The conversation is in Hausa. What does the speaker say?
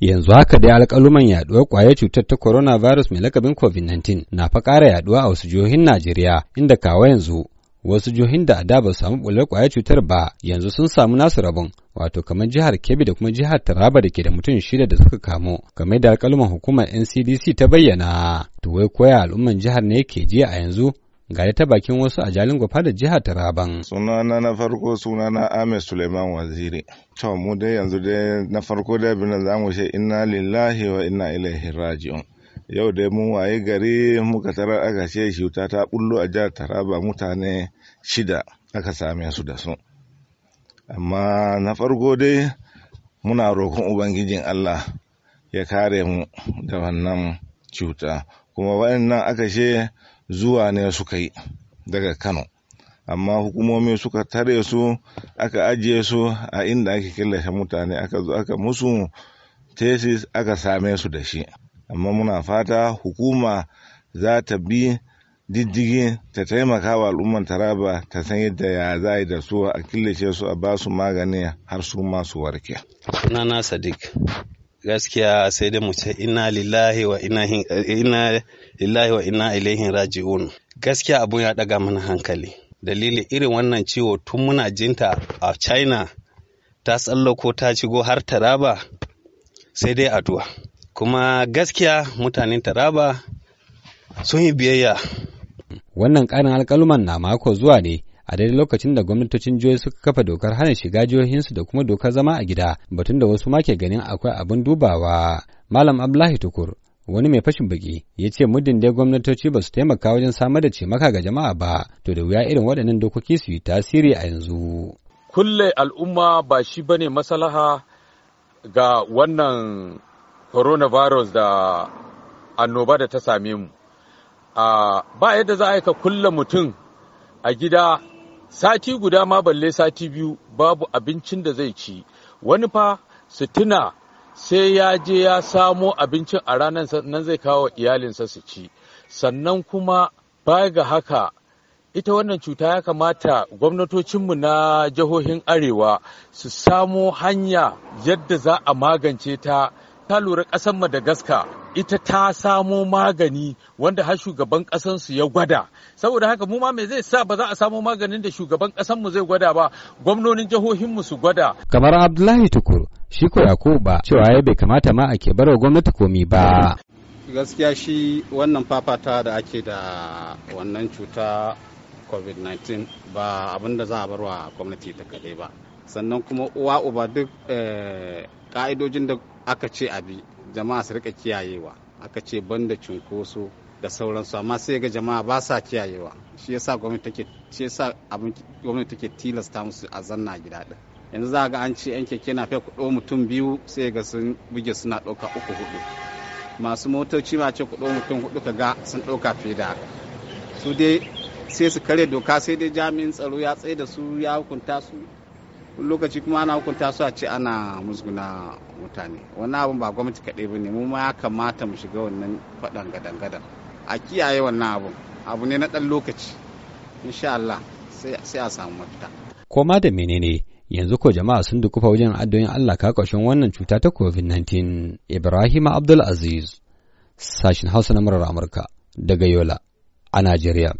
Yanzu haka dai alƙaluman yaduwar ƙwayar cutar ta coronavirus mai lakabin COVID-19 na fa ƙara yaduwa a wasu jihohin Najeriya inda kawa yanzu wasu jihohin da a da ba samu bular ƙwayar cutar ba yanzu sun samu nasu rabon wato kamar jihar Kebbi da kuma jihar Taraba da ke da mutum shida da suka kamu kamar da alƙaluman hukumar NCDC ta bayyana to wai koya al'umman jihar ne ke jiya a yanzu ga ta bakin wasu a jalin gwafa da jihar Taraban. Sunana na farko sunana Ahmed Suleiman Waziri. To mu dai yanzu dai na farko dai bin za mu ce inna lillahi wa inna ilaihi raji'un. Yau dai mun waye gari muka tara aka ce shi ta bullo a jihar Taraba mutane shida aka same su da su. Amma na farko dai muna roƙon Ubangijin Allah ya kare mu da wannan cuta. Kuma waɗannan aka ce zuwa ne suka yi daga kano amma hukumomi suka tare su aka ajiye su a inda ake killace mutane aka zo aka musu tesis aka same su da shi amma muna fata hukuma za ta bi diddigi ta taimaka wa al'umman taraba ta san yadda ya za da su a killace su a basu magani har su masu warke sunana sadiq gaskiya sai dai mu ce Ina lillahi wa ina lillahi wa raji'un gaskiya abun ya daga mana hankali dalili irin wannan ciwo tun muna jinta a china ta tsallako ta shigo har taraba sai dai addu'a kuma gaskiya mutanen taraba sun yi biyayya wannan ƙarin alƙaluman na mako zuwa ne a daidai lokacin da gwamnatocin jihohi suka kafa dokar hana shiga jihohinsu da kuma dokar zama a gida batun da wasu ma ke ganin akwai abin dubawa malam abdullahi tukur wani mai fashin baki ya ce muddin dai gwamnatoci ba su taimaka wajen samar da cimaka ga jama'a ba to da wuya irin waɗannan dokoki su yi tasiri a yanzu kulle al'umma ba shi bane maslaha ga wannan coronavirus da annoba da ta same mu ah, ba yadda za a yi ka kulle mutum a gida sati guda ma balle sati biyu babu abincin da zai ci wani fa su tuna sai ya je ya samo abincin a ranar nan zai kawo iyalinsa su ci sannan kuma baya ga haka ita wannan cuta ya kamata gwamnatocinmu na jihohin arewa su samo hanya yadda za a magance ta ta lura ƙasar Madagascar ita ta samo magani wanda har shugaban ƙasansu ya gwada saboda haka mu ma me zai sa ba za a samo maganin da shugaban ƙasanmu zai gwada ba gwamnonin jihohinmu su gwada kamar Abdullahi Tukur shi ko Yakuba cewa ya bai kamata ma a ke barwa gwamnati komi ba gaskiya shi wannan fafata da ake da wannan cuta covid-19 ba abin da za a barwa gwamnati ta kaɗai ba sannan kuma uwa uba duk ka'idojin eh, da aka ce abi jama'a su rika kiyayewa aka ce banda cunkoso da sauransu amma sai ga jama'a ba sa kiyayewa shi yasa gwamnati take gwamnati take tilasta musu a zanna gida din yanzu za ga an ce yan keke na fai kudo mutum biyu sai ga sun buge suna ɗauka uku hudu masu motoci ma ce kudo mutum hudu ka ga sun ɗauka fiye da haka su dai sai su kare doka sai dai jami'in tsaro ya tsaye da su ya hukunta su lokaci kuma ana hukunta su a ce ana musguna mutane wannan abin ba gwamnati kaɗai ba ne mu ma ya kamata mu shiga wannan faɗan gadan-gadan a kiyaye wannan abin abu ne na ɗan lokaci insha Allah sai a samu mafita. Koma da menene yanzu ko jama'a sun dukufa wajen addu'in Allah kakashin wannan cuta ta COVID-19 Ibrahim AbdulAziz, Aziz sashin Hausa na murar Amurka daga Yola a Najeriya.